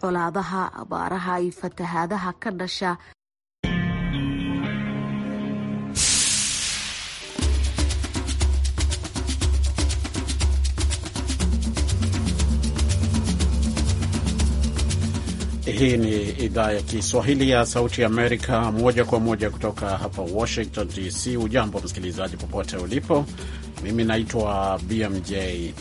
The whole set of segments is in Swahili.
colaadaha, abaaraha iyo fatahaadaha ka dhasha. Hii ni idhaa ya Kiswahili ya Sauti Amerika, moja kwa moja kutoka hapa Washington DC. Ujambo msikilizaji, popote ulipo mimi naitwa BMJ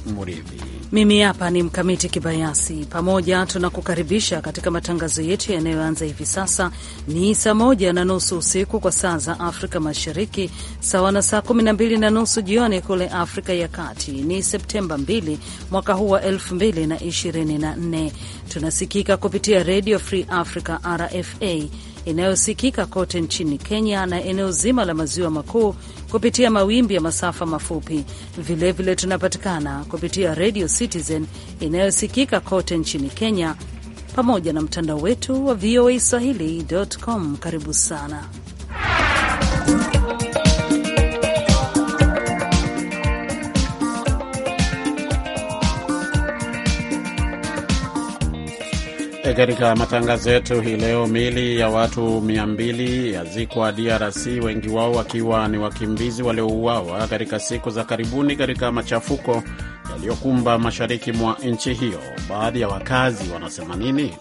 Muridhi. Mimi hapa ni Mkamiti Kibayasi. Pamoja tunakukaribisha katika matangazo yetu yanayoanza hivi sasa. Ni saa moja na nusu usiku kwa saa za Afrika Mashariki, sawa na saa kumi na mbili na nusu jioni kule Afrika ya Kati. Ni Septemba 2 mwaka huu wa 2024. Tunasikika kupitia Radio Free Africa, RFA, inayosikika kote nchini Kenya na eneo zima la maziwa makuu kupitia mawimbi ya masafa mafupi. Vilevile vile tunapatikana kupitia Radio Citizen inayosikika kote nchini Kenya pamoja na mtandao wetu wa VOA Swahili.com. Karibu sana. E, katika matangazo yetu hii leo, miili ya watu 200 yazikwa DRC, wengi wao wakiwa ni wakimbizi waliouawa katika siku za karibuni katika machafuko yaliyokumba mashariki mwa nchi hiyo. Baadhi ya wakazi wanasema nini?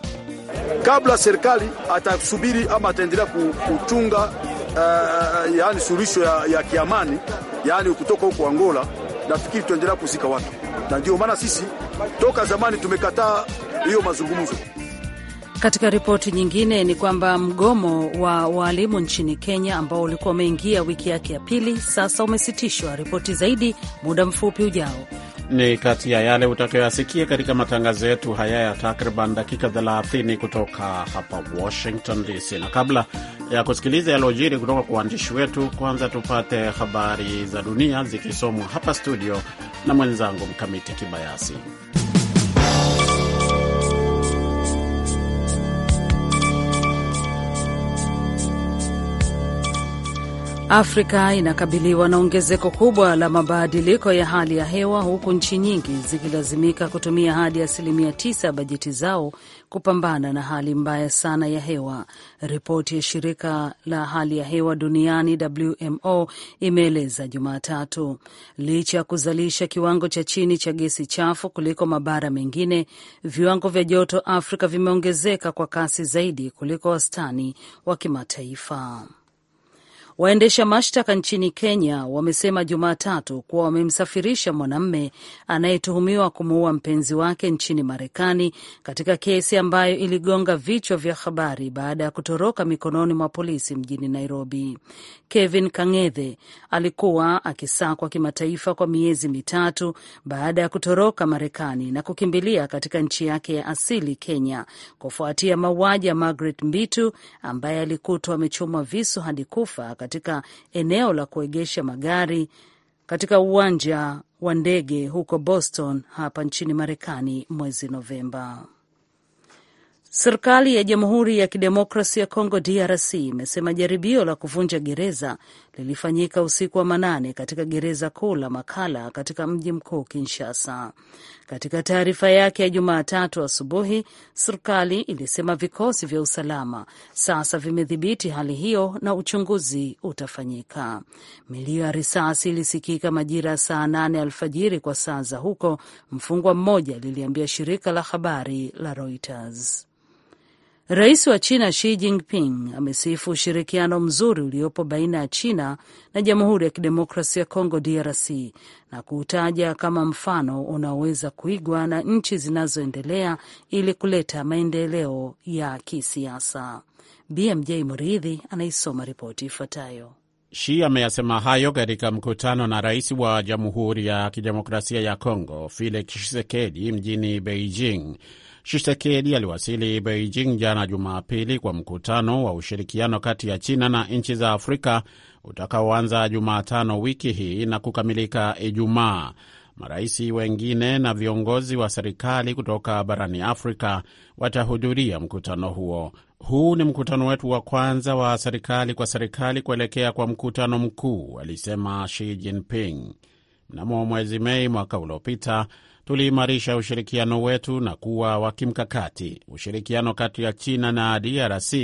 Kabla serikali atasubiri ama ataendelea kuchunga uh, eh, eh, eh, yani suluhisho ya, ya kiamani yani kutoka huko Angola, nafikiri tutaendelea kuzika watu, na ndio maana sisi toka zamani tumekataa hiyo mazungumzo. Katika ripoti nyingine ni kwamba mgomo wa waalimu nchini Kenya ambao ulikuwa umeingia wiki yake ya pili sasa umesitishwa. Ripoti zaidi muda mfupi ujao. Ni kati ya yale utakayoyasikia katika matangazo yetu haya ya takriban dakika 30 kutoka hapa Washington DC, na kabla ya kusikiliza yaliojiri kutoka kwa waandishi wetu, kwanza tupate habari za dunia zikisomwa hapa studio na mwenzangu Mkamiti Kibayasi. Afrika inakabiliwa na ongezeko kubwa la mabadiliko ya hali ya hewa huku nchi nyingi zikilazimika kutumia hadi asilimia tisa ya bajeti zao kupambana na hali mbaya sana ya hewa. Ripoti ya shirika la hali ya hewa duniani WMO imeeleza Jumatatu, licha ya kuzalisha kiwango cha chini cha gesi chafu kuliko mabara mengine, viwango vya joto Afrika vimeongezeka kwa kasi zaidi kuliko wastani wa kimataifa. Waendesha mashtaka nchini Kenya wamesema Jumatatu kuwa wamemsafirisha mwanamme anayetuhumiwa kumuua mpenzi wake nchini Marekani katika kesi ambayo iligonga vichwa vya habari baada ya kutoroka mikononi mwa polisi mjini Nairobi. Kevin Kang'ethe alikuwa akisakwa kimataifa kwa miezi mitatu baada ya kutoroka Marekani na kukimbilia katika nchi yake ya asili Kenya, kufuatia mauaji ya Margaret Mbitu ambaye alikutwa amechomwa visu hadi kufa katika eneo la kuegesha magari katika uwanja wa ndege huko Boston hapa nchini Marekani mwezi Novemba. Serikali ya Jamhuri ya Kidemokrasi ya congo DRC imesema jaribio la kuvunja gereza lilifanyika usiku wa manane katika gereza kuu la Makala katika mji mkuu Kinshasa. Katika taarifa yake ya Jumatatu asubuhi, serikali ilisema vikosi vya usalama sasa vimedhibiti hali hiyo na uchunguzi utafanyika. Milio ya risasi ilisikika majira ya saa nane alfajiri kwa saa za huko, mfungwa mmoja liliambia shirika la habari la Reuters. Rais wa China Xi Jinping amesifu ushirikiano mzuri uliopo baina ya China na Jamhuri ya Kidemokrasia ya Kongo DRC na kuutaja kama mfano unaoweza kuigwa na nchi zinazoendelea ili kuleta maendeleo ya kisiasa. BMJ Muridhi anaisoma ripoti ifuatayo. Shi ameyasema hayo katika mkutano na rais wa Jamhuri ya Kidemokrasia ya Kongo Felix Tshisekedi mjini Beijing shisekedi aliwasili Beijing jana Jumapili kwa mkutano wa ushirikiano kati ya China na nchi za Afrika utakaoanza Jumatano wiki hii na kukamilika Ijumaa. Marais wengine na viongozi wa serikali kutoka barani Afrika watahudhuria mkutano huo. Huu ni mkutano wetu wa kwanza wa serikali kwa serikali kuelekea kwa mkutano mkuu, alisema Xi Jinping. Mnamo mwezi Mei mwaka uliopita tuliimarisha ushirikiano wetu na kuwa wa kimkakati. Ushirikiano kati ya China na DRC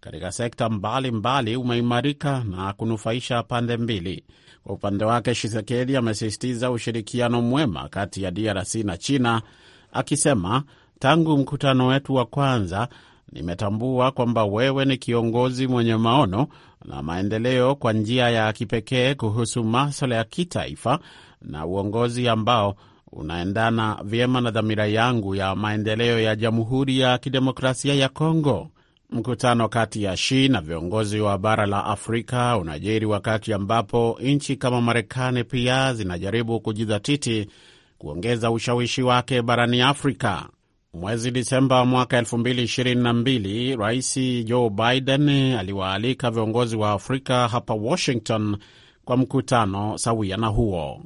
katika sekta mbalimbali umeimarika na kunufaisha pande mbili. Kwa upande wake, Shisekedi amesisitiza ushirikiano mwema kati ya DRC na China akisema, tangu mkutano wetu wa kwanza nimetambua kwamba wewe ni kiongozi mwenye maono na maendeleo kwa njia ya kipekee kuhusu maswala ya kitaifa na uongozi ambao unaendana vyema na dhamira yangu ya maendeleo ya Jamhuri ya Kidemokrasia ya Kongo. Mkutano kati ya shi na viongozi wa bara la Afrika unajiri wakati ambapo nchi kama Marekani pia zinajaribu kujidhatiti kuongeza ushawishi wake barani Afrika. Mwezi Disemba mwaka 2022 Rais Joe Biden aliwaalika viongozi wa Afrika hapa Washington kwa mkutano sawia na huo.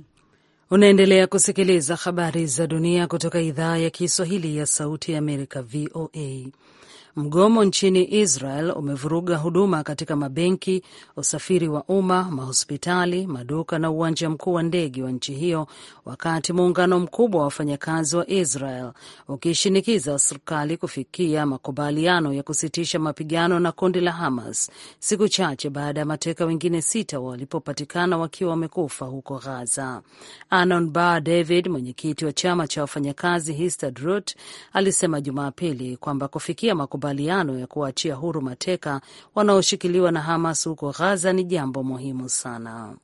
Unaendelea kusikiliza habari za dunia kutoka idhaa ya Kiswahili ya Sauti ya Amerika, VOA. Mgomo nchini Israel umevuruga huduma katika mabenki, usafiri wa umma, mahospitali, maduka na uwanja mkuu wa ndege wa nchi hiyo, wakati muungano mkubwa wa wafanyakazi wa Israel ukiishinikiza serikali kufikia makubaliano ya kusitisha mapigano na kundi la Hamas, siku chache baada ya mateka wengine sita walipopatikana wakiwa wamekufa huko Gaza. Anon Bar David, mwenyekiti wa chama cha wafanyakazi Histadrut, alisema Jumapili kwamba kufikia makubaliano makubaliano ya kuwaachia huru mateka wanaoshikiliwa na Hamas huko Ghaza ni jambo muhimu sana.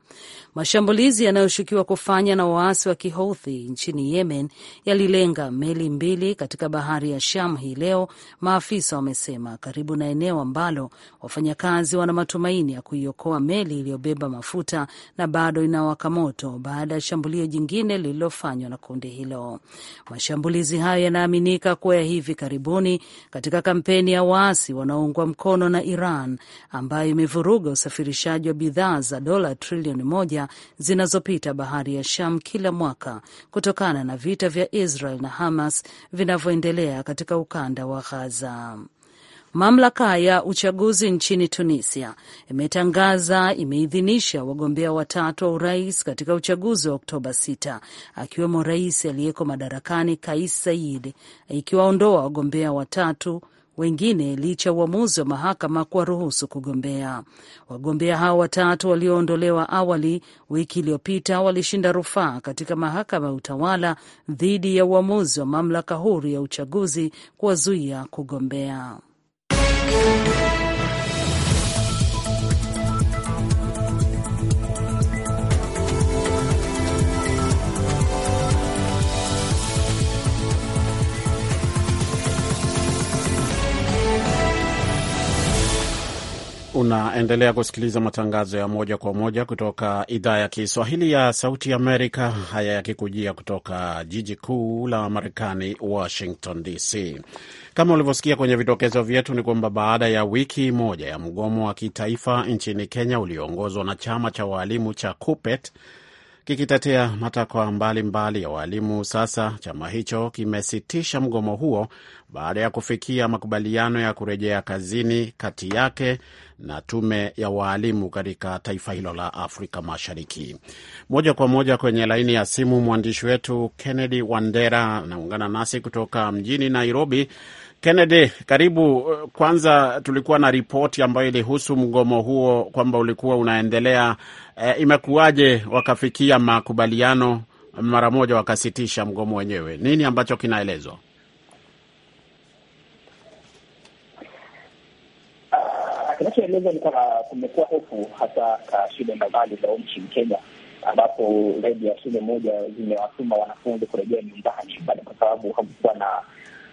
Mashambulizi yanayoshukiwa kufanya na waasi wa Kihouthi nchini Yemen yalilenga meli mbili katika bahari ya Sham hii leo, maafisa wamesema, karibu na eneo ambalo wafanyakazi wana matumaini ya kuiokoa meli iliyobeba mafuta na bado inawaka moto baada ya shambulio jingine lililofanywa na kundi hilo. Mashambulizi hayo yanaaminika kuwa ya hivi karibuni katika kampeni kampeni ya waasi wanaoungwa mkono na Iran ambayo imevuruga usafirishaji wa bidhaa za dola trilioni moja zinazopita bahari ya Sham kila mwaka kutokana na vita vya Israel na Hamas vinavyoendelea katika ukanda wa ghaza Mamlaka ya uchaguzi nchini Tunisia imetangaza imeidhinisha wagombea watatu wa urais katika uchaguzi wa Oktoba 6 akiwemo rais aliyeko madarakani Kais Saied, ikiwaondoa wagombea watatu wengine licha ya uamuzi wa mahakama kuwaruhusu kugombea. Wagombea hao watatu walioondolewa awali wiki iliyopita walishinda rufaa katika mahakama ya utawala dhidi ya uamuzi wa mamlaka huru ya uchaguzi kuwazuia kugombea. Unaendelea kusikiliza matangazo ya moja kwa moja kutoka idhaa ya Kiswahili ya Sauti Amerika, haya yakikujia kutoka jiji kuu la Marekani, Washington DC. Kama ulivyosikia kwenye vidokezo vyetu, ni kwamba baada ya wiki moja ya mgomo wa kitaifa nchini Kenya ulioongozwa na chama cha waalimu cha KUPPET kikitetea matakwa mbalimbali ya waalimu, sasa chama hicho kimesitisha mgomo huo baada ya kufikia makubaliano ya kurejea kazini kati yake na tume ya waalimu katika taifa hilo la Afrika Mashariki. Moja kwa moja kwenye laini ya simu, mwandishi wetu Kennedy Wandera anaungana nasi kutoka mjini Nairobi. Kennedy, karibu. Kwanza tulikuwa na ripoti ambayo ilihusu mgomo huo kwamba ulikuwa unaendelea. E, imekuwaje wakafikia makubaliano mara moja wakasitisha mgomo wenyewe? Nini ambacho kinaelezwa? Kinachoelezwa ni kwamba kumekuwa hofu hasa ka shule mbalimbali za nchini Kenya, ambapo zaidi ya shule moja zimewatuma wanafunzi kurejea nyumbani bado, kwa sababu hakukuwa na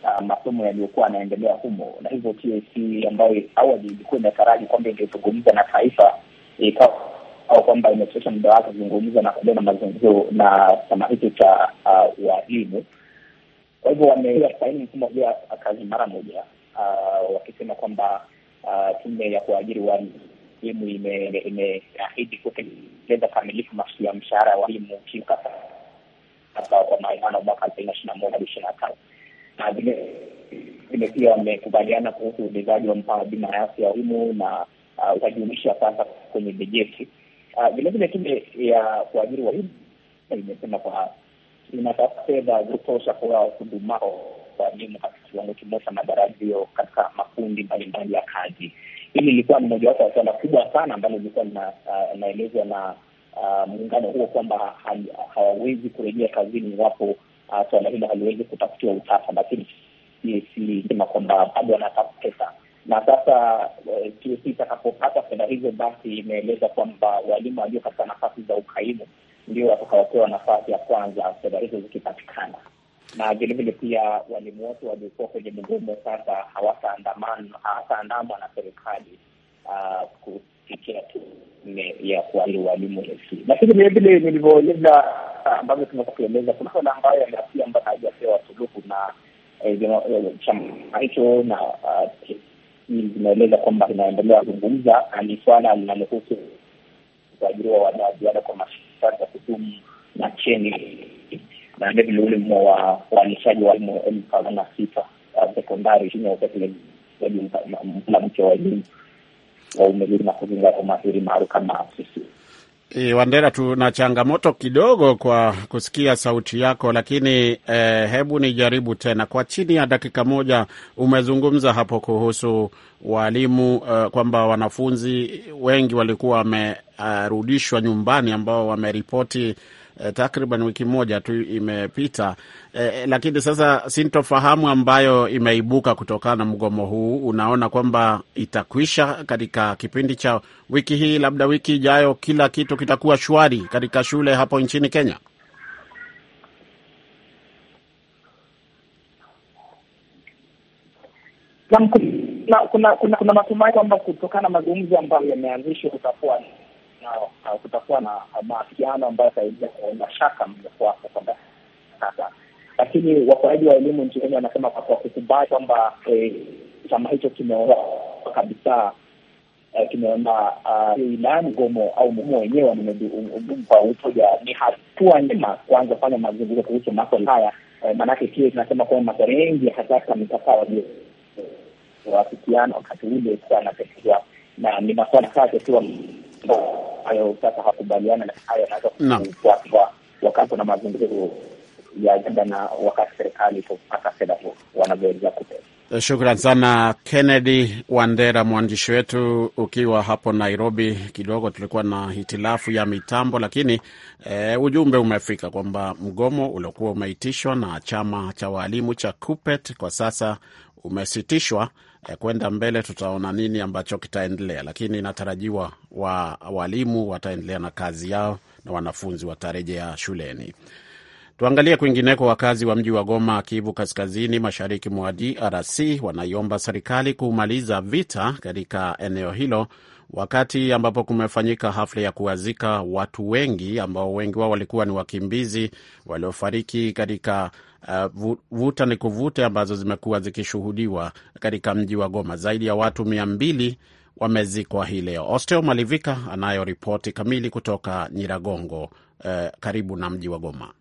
uh, masomo yaliyokuwa yanaendelea humo, na hivyo TSC ambayo awali ilikuwa imetaraji kwamba ingezungumza na taifa ikawa au kwamba imecesha muda wake kuzungumza na kuendelea na mazungumzo na chama hicho cha uh, walimu. Kwa hivyo wamesaini mfumo wa kazi mara moja, uh, wakisema kwamba uh, tume ya kuajiri walimu imeahidi kutekeleza kamilifu maksu ya mshahara wa walimu kwa maandamano mwaka elfu mbili na ishirini na moja hadi ishirini na tano na vile pia wamekubaliana kuhusu uongezaji wa mpango bima ya afya ya walimu na uh, utajumuisha sasa kwenye bajeti. Vilevile uh, tume ya kuajiri walimu imesema kwa inatafuta fedha kutosha kwa huduma walimu katika kiwango kimoja na idara hiyo katika makundi mbalimbali ya kazi. Hili lilikuwa ni mojawapo ya suala kubwa sana ambalo lilikuwa uh, linaelezwa na uh, muungano huo kwamba hawawezi kurejea kazini iwapo uh, suala hilo haliwezi kutafutiwa utata, lakini sisema kwamba bado wanataka pesa na sasa TSC itakapopata fedha hizo, basi imeeleza kwamba walimu walio katika nafasi za ukaimu ndio watakaopewa nafasi ya kwanza, fedha hizo zikipatikana na vilevile pia walimu wote waliokuwa kwenye mgomo sasa hawataandamwa na serikali ah, kufikia tu ya wale walimu elfu. Lakini vilevile nilivyoeleza, ah, ambavyo tunaweza kueleza, kuna wale ambayo yameafia ambayo hajapewa suluhu na eh, eh, chama hicho, na ah, zinaeleza kwamba inaendelea kuzungumza ni swala linalohusu kuajiriwa wanaojiada kwa masharti ya kudumu na cheni na vilevile mmo wa uainishaji wa elimu elfu kadhaa na sita sekondari chini ya upekeleji la mche wa elimu wa umiliki na kuzingatia umahiri maaru kama sisi E, Wandera, tuna changamoto kidogo kwa kusikia sauti yako, lakini e, hebu nijaribu tena. Kwa chini ya dakika moja umezungumza hapo kuhusu walimu e, kwamba wanafunzi wengi walikuwa wamerudishwa nyumbani ambao wameripoti eh, takriban wiki moja tu imepita eh, lakini sasa sintofahamu ambayo imeibuka kutokana na mgomo huu, unaona kwamba itakwisha katika kipindi cha wiki hii, labda wiki ijayo kila kitu kitakuwa shwari katika shule hapo nchini Kenya? Na, kuna, kuna, kuna matumai kwamba kutokana na mazungumzo ambayo yameanzishwa kutakuwa na kutakuwa na maafikiano ambayo ataingia kuona shaka mliokuwapo kwamba sasa, lakini wakoaji wa elimu nchini Kenya wanasema kwa kukubali kwamba e, chama hicho kimeondoa kabisa e, kimeona ilani gomo au mgomo wenyewe wa utoja ni hatua njema kuanza kufanya mazungumzo kuhusu maswala haya. E, maanake kile tunasema kwamba maswala mengi hasa mipaka waliowafikiana wakati ule kuwa anatekewa na ni maswala chache tu ambayo sasa hakubaliana na hayo yanaweza kufuatwa wakati na mazungumzo ya ajenda na wakati serikali itapata fedha hiyo wanavyoweza kupewa. Eh, shukran sana Kennedy Wandera, mwandishi wetu, ukiwa hapo Nairobi. Kidogo tulikuwa na hitilafu ya mitambo, lakini e, ujumbe umefika kwamba mgomo uliokuwa umeitishwa na chama cha waalimu cha KUPET kwa sasa umesitishwa eh, kwenda mbele tutaona nini ambacho kitaendelea, lakini inatarajiwa wa walimu wataendelea na kazi yao na wanafunzi watarejea shuleni. Tuangalie kwingineko. Wakazi wa mji wa Goma, Kivu Kaskazini, mashariki mwa DRC, wanaiomba serikali kumaliza vita katika eneo hilo wakati ambapo kumefanyika hafla ya kuwazika watu wengi ambao wengi wao walikuwa ni wakimbizi waliofariki katika uh, vuta ni kuvute ambazo zimekuwa zikishuhudiwa katika mji wa Goma. Zaidi ya watu mia mbili wamezikwa hii leo. Osteo Malivika anayo ripoti kamili kutoka Nyiragongo, uh, karibu na mji wa Goma.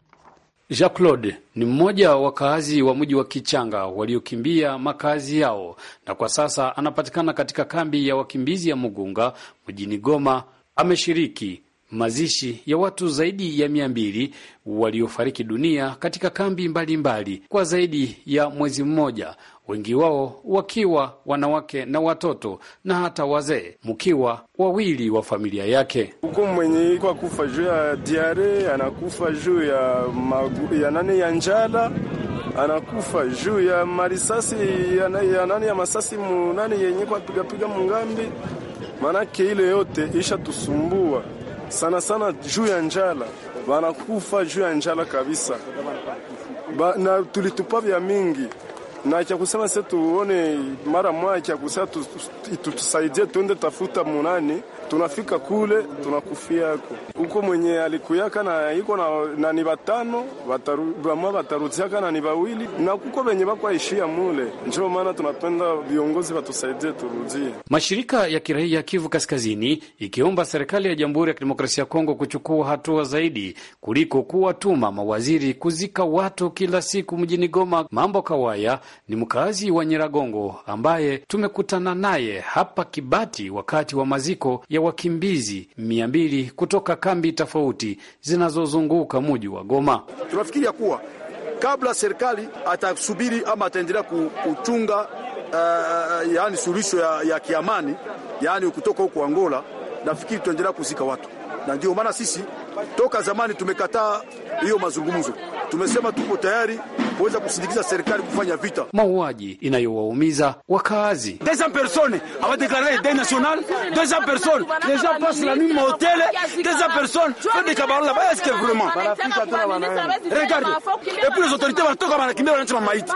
Jacques Claude ni mmoja wa wakaazi wa mji wa Kichanga waliokimbia makazi yao na kwa sasa anapatikana katika kambi ya wakimbizi ya Mugunga mjini Goma. Ameshiriki mazishi ya watu zaidi ya mia mbili waliofariki dunia katika kambi mbalimbali mbali kwa zaidi ya mwezi mmoja wengi wao wakiwa wanawake na watoto na hata wazee, mkiwa wawili wa familia yake. Huku mwenye iko akufa juu ya diare, anakufa juu ya magu, ya nani ya njala anakufa juu ya marisasi ya nani ya masasi munani yenye kwa pigapiga mungambi. Manake ile yote isha tusumbua sana sana juu ya njala, wanakufa juu ya njala kabisa ba, na tulitupa vya mingi na cha kusema sasa, tuone mara moja cha kusema tutusaidie, tuende tafuta munani. Tunafika kule tunakufia huko huko mwenye alikuyaka na iko na, na ni batano bama batarudiaka na ni bawili na kuko benye bakwaishia mule. Ndio maana tunapenda viongozi watusaidie turudie. Mashirika ya kiraia Kivu Kaskazini ikiomba serikali ya Jamhuri ya Kidemokrasia ya Kongo kuchukua hatua zaidi kuliko kuwatuma mawaziri kuzika watu kila siku mjini Goma. Mambo Kawaya ni mkazi wa Nyiragongo ambaye tumekutana naye hapa Kibati wakati wa maziko ya wakimbizi mia mbili kutoka kambi tofauti zinazozunguka muji wa Goma. Tunafikiria kuwa kabla serikali atasubiri ama ataendelea kuchunga uh, eh, yani suluhisho ya, ya kiamani yani kutoka huko Angola, nafikiri tutaendelea kuzika watu, na ndio maana sisi toka zamani tumekataa hiyo mazungumzo, tumesema tuko tayari kuweza kusindikiza serikali kufanya vita mauaji inayowaumiza wakaazi. Des personnes a declare deuil national, des personnes les gens passent la nuit au hôtel, des personnes font des cabarets là-bas, est-ce que vraiment regarde et puis les autorités vont wanatoka wanakimbia kimbe wa maiti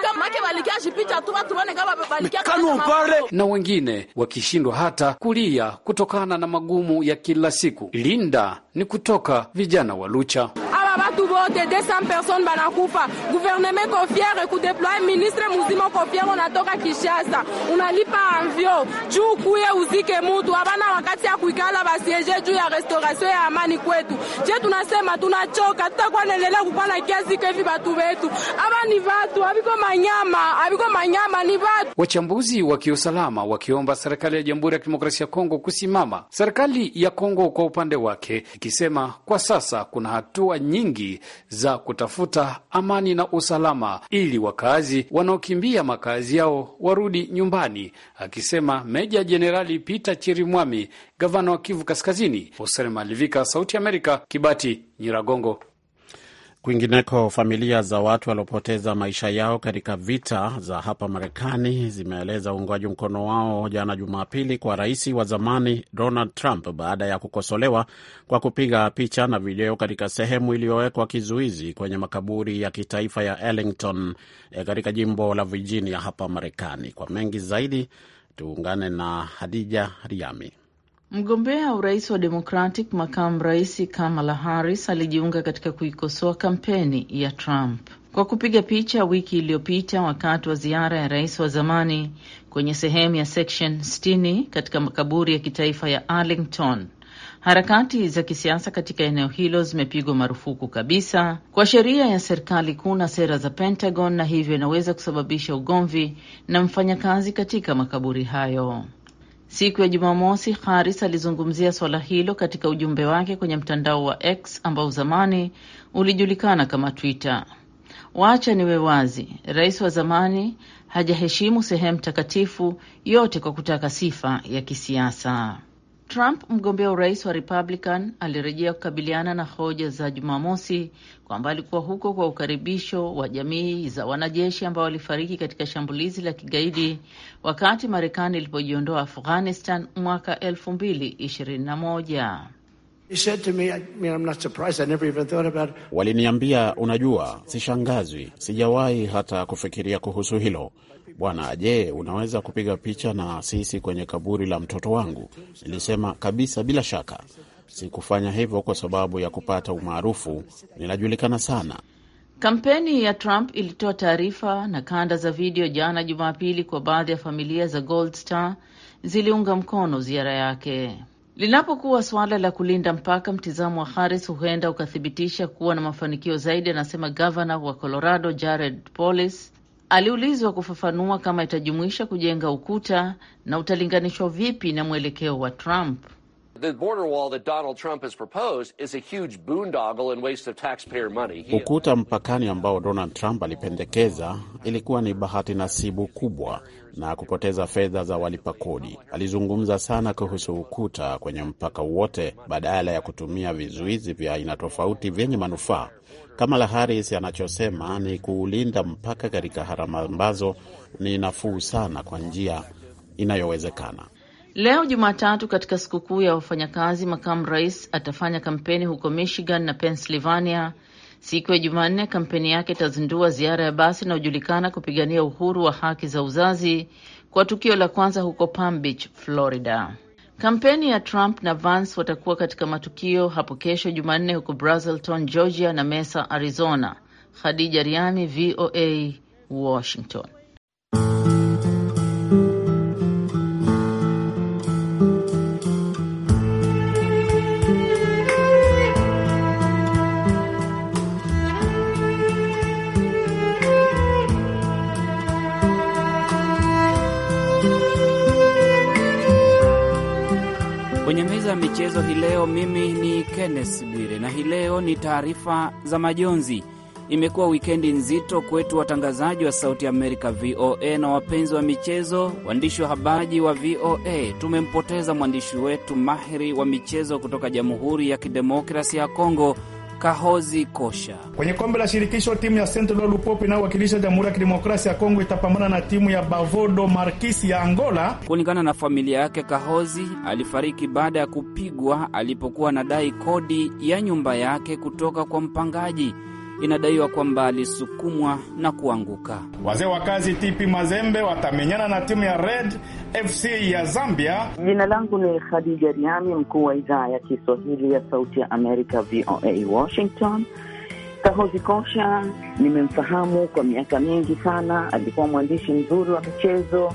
kanu upale na wengine wakishindwa hata kulia kutokana na magumu ya kila siku. Linda ni kutoka vijana wa Lucha. Aba watu wote 200 person banakufa. Guverneme iko fiere kudeploye ministre muzima uko fiere, unatoka Kishasa unalipa anvyo juu kuye uzike mutu, abana wakati ya kuikala basieje juu ya restauration ya amani kwetu. Je, tunasema tunachoka, tutakuwa naendelea kukwana kiasi hivi batu wetu aba ni vatu abiko manyama, abiko manyama ni vatu. Wachambuzi wa kiusalama wakiomba serikali ya Jamhuri ya Kidemokrasia ya Kongo kusimama, serikali ya Kongo kwa upande wake ikisema kwa sasa kuna hatua nyingi za kutafuta amani na usalama ili wakazi wanaokimbia makazi yao warudi nyumbani, akisema Meja Jenerali Peter Chirimwami, gavana wa Kivu Kaskazini. Hussein Malivika, Sauti ya Amerika, Kibati, Nyiragongo. Kwingineko, familia za watu waliopoteza maisha yao katika vita za hapa Marekani zimeeleza uungwaji mkono wao jana Jumapili kwa rais wa zamani Donald Trump baada ya kukosolewa kwa kupiga picha na video katika sehemu iliyowekwa kizuizi kwenye makaburi ya kitaifa ya Arlington eh, katika jimbo la Virginia hapa Marekani. Kwa mengi zaidi, tuungane na Hadija Riami. Mgombea urais wa Democratic makamu rais Kamala Harris alijiunga katika kuikosoa kampeni ya Trump kwa kupiga picha wiki iliyopita wakati wa ziara ya rais wa zamani kwenye sehemu ya Section 60 katika makaburi ya kitaifa ya Arlington. Harakati za kisiasa katika eneo hilo zimepigwa marufuku kabisa kwa sheria ya serikali kuu na sera za Pentagon, na hivyo inaweza kusababisha ugomvi na mfanyakazi katika makaburi hayo. Siku ya Jumamosi, Haris alizungumzia swala hilo katika ujumbe wake kwenye mtandao wa X ambao zamani ulijulikana kama Twitter. Wacha niwe wazi, rais wa zamani hajaheshimu sehemu takatifu yote kwa kutaka sifa ya kisiasa. Trump mgombea urais wa Republican alirejea kukabiliana na hoja za Jumamosi kwamba alikuwa huko kwa ukaribisho wa jamii za wanajeshi ambao walifariki katika shambulizi la kigaidi wakati Marekani ilipojiondoa Afghanistan mwaka 2021. Waliniambia, unajua, sishangazwi, sijawahi hata kufikiria kuhusu hilo. Bwana, je, unaweza kupiga picha na sisi kwenye kaburi la mtoto wangu? Nilisema kabisa, bila shaka. Sikufanya hivyo kwa sababu ya kupata umaarufu, ninajulikana sana. Kampeni ya Trump ilitoa taarifa na kanda za video jana Jumapili kwa baadhi ya familia za Gold Star ziliunga mkono ziara yake. Linapokuwa suala la kulinda mpaka, mtizamo wa Harris huenda ukathibitisha kuwa na mafanikio zaidi, anasema gavana wa Colorado Jared Polis Aliulizwa kufafanua kama itajumuisha kujenga ukuta na utalinganishwa vipi na mwelekeo wa Trump Ukuta mpakani ambao Donald Trump alipendekeza ilikuwa ni bahati nasibu kubwa na kupoteza fedha za walipa kodi. Alizungumza sana kuhusu ukuta kwenye mpaka wote badala ya kutumia vizuizi vya aina tofauti vyenye manufaa. Kamala Harris anachosema ni kuulinda mpaka katika harama ambazo ni nafuu sana kwa njia inayowezekana. Leo Jumatatu, katika sikukuu ya wafanyakazi, makamu rais atafanya kampeni huko Michigan na Pennsylvania. Siku ya Jumanne kampeni yake itazindua ziara ya basi inayojulikana kupigania uhuru wa haki za uzazi kwa tukio la kwanza huko Palm Beach, Florida. Kampeni ya Trump na Vance watakuwa katika matukio hapo kesho Jumanne huko Brazelton, Georgia na Mesa, Arizona. Khadija Riami, VOA, Washington. Kwenye meza ya michezo hii leo, mimi ni Kenneth Bwire na hii leo ni taarifa za majonzi. Imekuwa wikendi nzito kwetu watangazaji wa Sauti Amerika VOA na wapenzi wa michezo, waandishi wa habari wa VOA. Tumempoteza mwandishi wetu mahiri wa michezo kutoka Jamhuri ya Kidemokrasi ya Kongo Kahozi Kosha. Kwenye kombe la shirikisho, timu ya Sentinel Lupopo inayowakilisha Jamhuri ya Kidemokrasia ya Kongo itapambana na timu ya Bavodo Markisi ya Angola. Kulingana na familia yake, Kahozi alifariki baada ya kupigwa alipokuwa anadai kodi ya nyumba yake kutoka kwa mpangaji inadaiwa kwamba alisukumwa na kuanguka. Wazee wa kazi Tipi Mazembe watamenyana na timu ya Red FC ya Zambia. Jina langu ni Khadija Riami, mkuu wa idhaa ya Kiswahili ya Sauti ya Amerika, VOA Washington. Kahozi Kosha nimemfahamu kwa miaka mingi sana, alikuwa mwandishi mzuri wa michezo.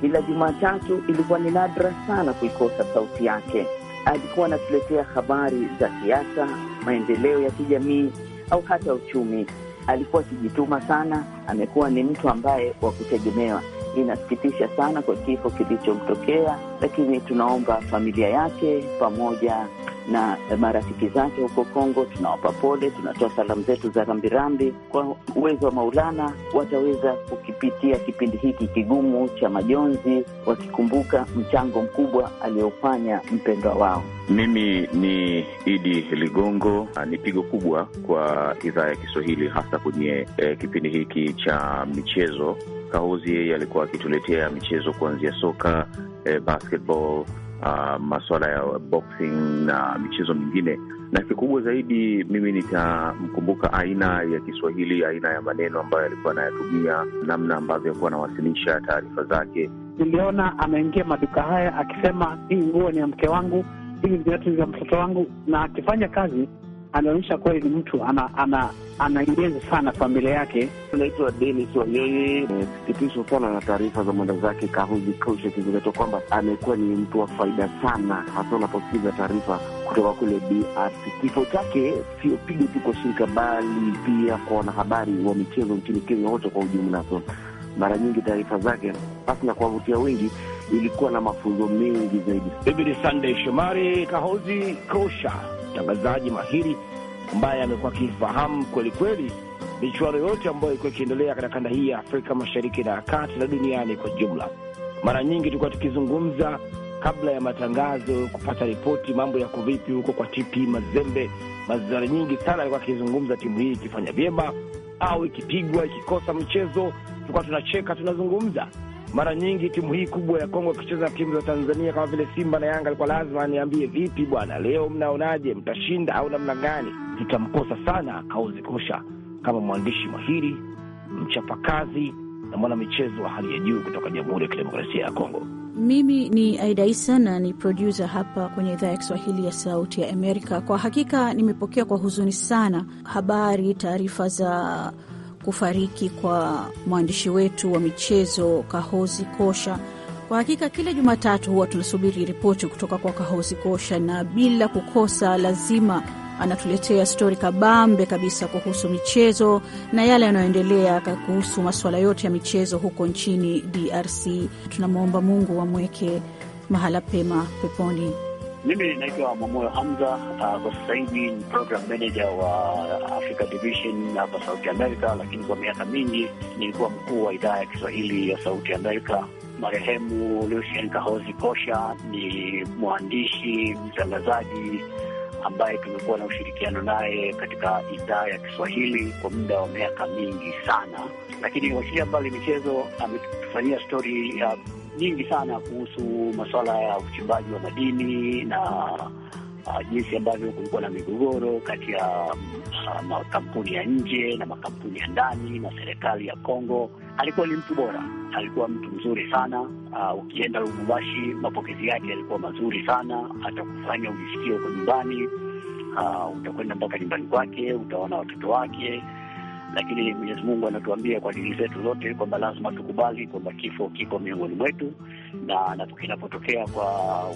Kila Jumatatu ilikuwa ni nadra sana kuikosa sauti yake. Alikuwa anatuletea habari za siasa, maendeleo ya kijamii au hata uchumi. Alikuwa akijituma sana, amekuwa ni mtu ambaye wa kutegemewa. Inasikitisha sana kwa kifo kilichomtokea, lakini tunaomba familia yake pamoja na marafiki zake huko Kongo, tunawapa pole, tunatoa salamu zetu za rambirambi. Kwa uwezo wa Maulana wataweza kukipitia kipindi hiki kigumu cha majonzi, wakikumbuka mchango mkubwa aliofanya mpendwa wao. Mimi ni Idi Ligongo. Ni pigo kubwa kwa idhaa ya Kiswahili, hasa kwenye eh, kipindi hiki cha michezo. Kahozi yeye alikuwa akituletea michezo kuanzia soka, eh, basketball uh, ah, masuala ya boxing na michezo mingine, na kikubwa zaidi mimi nitamkumbuka aina ya Kiswahili, aina ya maneno ambayo alikuwa anayatumia, namna ambavyo alikuwa anawasilisha taarifa zake. Niliona ameingia maduka haya akisema hii nguo ni ya mke wangu, hivi viatu vya mtoto wangu, na akifanya kazi anaonyesha kweli mtu ana, ana sana familia yake. Tunaitwa Denis Wanyonyi. Sikitishwa sana na taarifa za mwenda zake Kahozi Kosha ikizingatia kwamba amekuwa ni mtu wa faida sana, hasa unaposikiza taarifa kutoka kule DRC. Kifo chake sio pigo tu kwa shirika, bali pia kwa wanahabari wa michezo nchini Kenya wote kwa ujumla. So mara nyingi taarifa zake basi na kuwavutia wengi ilikuwa na mafunzo mengi zaidi. Mimi ni Sunday Shomari, Kahozi Kosha mtangazaji mahiri ambaye amekuwa akifahamu kwelikweli michuano yote ambayo ilikuwa ikiendelea katika kanda hii ya Afrika Mashariki na kati na duniani kwa jumla. Mara nyingi tulikuwa tukizungumza kabla ya matangazo kupata ripoti, mambo yako vipi huko kwa TP Mazembe. Mara nyingi sana alikuwa akizungumza timu hii ikifanya vyema au ikipigwa, ikikosa mchezo, tulikuwa tunacheka, tunazungumza mara nyingi timu hii kubwa ya Kongo akicheza na timu za Tanzania kama vile Simba na Yanga, alikuwa lazima niambie, vipi bwana, leo mnaonaje, mtashinda au namna gani? Tutamkosa sana Kaozi Kosha kama mwandishi mahiri, mchapakazi na mwanamichezo wa hali ya juu kutoka Jamhuri ya Kidemokrasia ya Kongo. Mimi ni Aida Isa na ni produsa hapa kwenye idhaa ya Kiswahili ya Sauti ya Amerika. Kwa hakika nimepokea kwa huzuni sana habari, taarifa za kufariki kwa mwandishi wetu wa michezo Kahozi Kosha. Kwa hakika kila Jumatatu huwa tunasubiri ripoti kutoka kwa Kahozi Kosha, na bila kukosa lazima anatuletea stori kabambe kabisa kuhusu michezo na yale yanayoendelea kuhusu masuala yote ya michezo huko nchini DRC. Tunamwomba Mungu amweke mahala pema peponi. Mimi naitwa Mwamoyo Hamza. Uh, kwa sasa hivi ni program manager wa Africa Division hapa Sauti America, lakini kwa miaka mingi nilikuwa mkuu wa idhaa ya Kiswahili ya Sauti Amerika. Marehemu Lucien Kahozi Kosha ni mwandishi mtangazaji ambaye tumekuwa na ushirikiano naye katika idhaa ya Kiswahili kwa muda wa miaka mingi sana, lakini wachilia mbali michezo ametufanyia stori ya uh, nyingi sana kuhusu masuala ya uchimbaji wa madini na uh, jinsi ambavyo kulikuwa na migogoro kati ya uh, makampuni ya nje na makampuni ya ndani na serikali ya Kongo. Alikuwa ni mtu bora, alikuwa mtu mzuri sana. Uh, ukienda Lubumbashi, mapokezi yake yalikuwa mazuri sana, atakufanya ujisikie uko nyumbani. Uh, utakwenda mpaka nyumbani kwake, utaona watoto wake lakini Mwenyezi Mungu anatuambia kwa dini zetu zote kwamba lazima tukubali kwamba kifo kiko miongoni mwetu, na, na kinapotokea kwa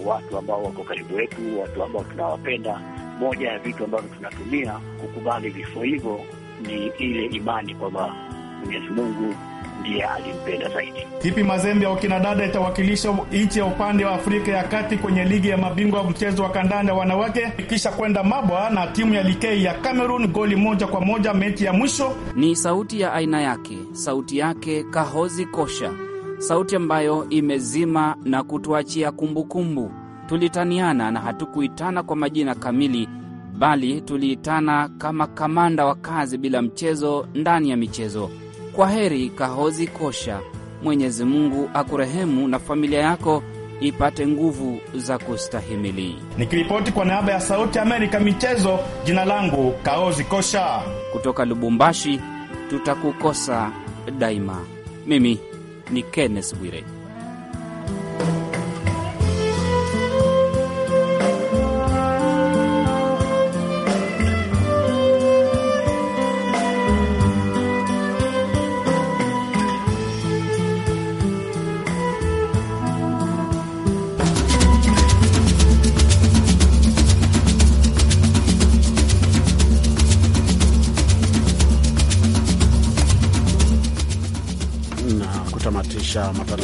watu ambao wako karibu wetu, watu ambao tunawapenda, moja ya vitu ambavyo tunatumia kukubali vifo hivyo ni ile imani kwamba Mwenyezi Mungu ndiye alimpenda zaidi. Tipi Mazembe ya wakina dada itawakilisha nchi ya upande wa Afrika ya Kati kwenye ligi ya mabingwa mchezo wa kandanda wanawake, kisha kwenda mabwa na timu ya Likei ya Cameroon goli moja kwa moja mechi ya mwisho. Ni sauti ya aina yake, sauti yake Kahozi Kosha, sauti ambayo imezima na kutuachia kumbukumbu. Tulitaniana na hatukuitana kwa majina kamili bali tuliitana kama kamanda wa kazi bila mchezo ndani ya michezo. Kwa heri Kahozi Kosha. Mwenyezi Mungu akurehemu na familia yako ipate nguvu za kustahimili. Nikiripoti kwa niaba ya Sauti Amerika michezo, jina langu Kaozi Kosha kutoka Lubumbashi. Tutakukosa daima. Mimi ni Kenneth Bwire.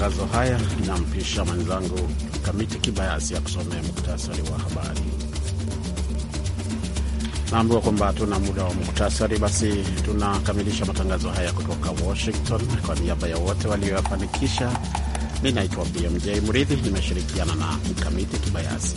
matangazo haya, nampisha mwenzangu Kamiti Kibayasi ya kusomea muktasari wa habari. Naambiwa kwamba hatuna muda wa muktasari, basi tunakamilisha matangazo haya kutoka Washington. Kwa niaba ya wote walioyafanikisha, mi naitwa BMJ Mridhi, nimeshirikiana na Kamiti Kibayasi.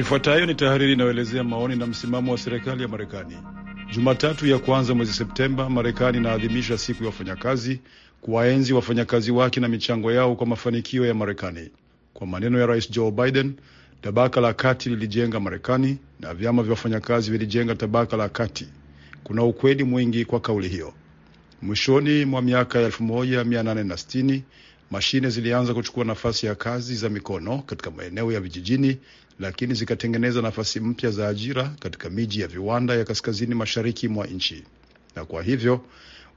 Ifuatayo ni tahariri inayoelezea maoni na msimamo wa serikali ya Marekani. Jumatatu ya kwanza mwezi Septemba, Marekani inaadhimisha siku ya wafanyakazi, kuwaenzi wafanyakazi wake na michango yao kwa mafanikio ya Marekani. Kwa maneno ya Rais Joe Biden, tabaka la kati lilijenga Marekani na vyama vya wafanyakazi vilijenga tabaka la kati. Kuna ukweli mwingi kwa kauli hiyo. Mwishoni mwa miaka ya 1860 mashine zilianza kuchukua nafasi ya kazi za mikono katika maeneo ya vijijini lakini zikatengeneza nafasi mpya za ajira katika miji ya viwanda ya kaskazini mashariki mwa nchi. Na kwa hivyo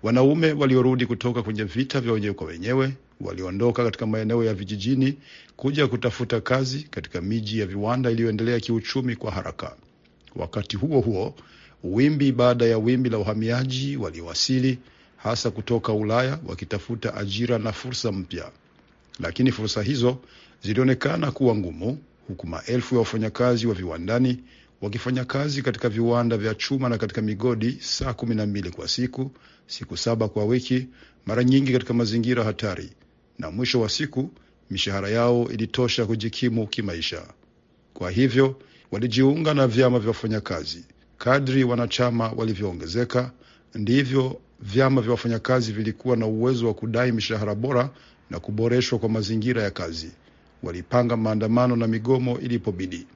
wanaume waliorudi kutoka kwenye vita vya wenyewe kwa wenyewe waliondoka katika maeneo ya vijijini kuja kutafuta kazi katika miji ya viwanda iliyoendelea kiuchumi kwa haraka. Wakati huo huo, wimbi baada ya wimbi la uhamiaji waliowasili hasa kutoka Ulaya wakitafuta ajira na fursa mpya, lakini fursa hizo zilionekana kuwa ngumu huku maelfu ya wafanyakazi wa viwandani wakifanya kazi katika viwanda vya chuma na katika migodi saa kumi na mbili kwa siku, siku saba kwa wiki, mara nyingi katika mazingira hatari, na mwisho wa siku mishahara yao ilitosha kujikimu kimaisha. Kwa hivyo walijiunga na vyama vya wafanyakazi. Kadri wanachama walivyoongezeka, ndivyo vyama vya wafanyakazi vilikuwa na uwezo wa kudai mishahara bora na kuboreshwa kwa mazingira ya kazi walipanga maandamano na migomo ilipobidi.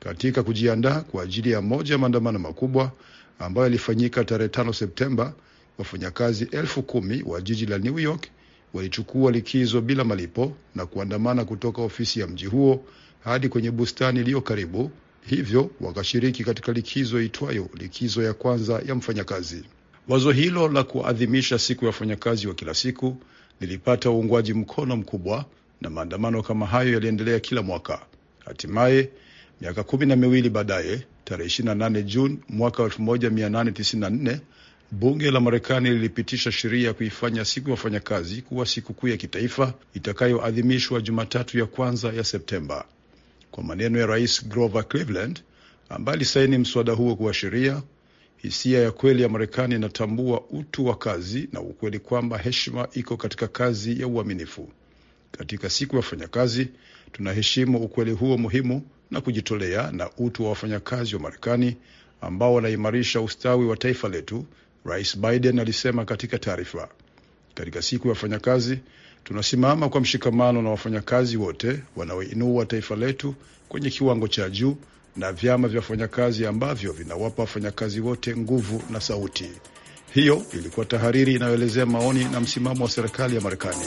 Katika kujiandaa kwa ajili ya moja ya maandamano makubwa ambayo yalifanyika tarehe tano Septemba, wafanyakazi elfu kumi wa jiji la New York walichukua likizo bila malipo na kuandamana kutoka ofisi ya mji huo hadi kwenye bustani iliyo karibu, hivyo wakashiriki katika likizo itwayo likizo ya kwanza ya mfanyakazi. Wazo hilo la kuadhimisha siku ya wafanyakazi wa kila siku lilipata uungwaji mkono mkubwa na maandamano kama hayo yaliendelea kila mwaka. Hatimaye miaka kumi na miwili baadaye, tarehe 28 Juni mwaka 1894 bunge la Marekani lilipitisha sheria ya kuifanya siku ya wafanyakazi kuwa sikukuu ya kitaifa itakayoadhimishwa Jumatatu ya kwanza ya Septemba. Kwa maneno ya Rais Grover Cleveland ambaye alisaini mswada huo kuwa sheria, hisia ya kweli ya Marekani inatambua utu wa kazi na ukweli kwamba heshima iko katika kazi ya uaminifu. Katika siku ya wafanyakazi, tunaheshimu ukweli huo muhimu na kujitolea na utu wa wafanyakazi wa Marekani ambao wanaimarisha ustawi wa taifa letu, Rais Biden alisema katika taarifa. Katika siku ya wafanyakazi, tunasimama kwa mshikamano na wafanyakazi wote wanaoinua taifa letu kwenye kiwango cha juu na vyama vya wafanyakazi ambavyo vinawapa wafanyakazi wote nguvu na sauti. Hiyo ilikuwa tahariri inayoelezea maoni na msimamo wa serikali ya Marekani.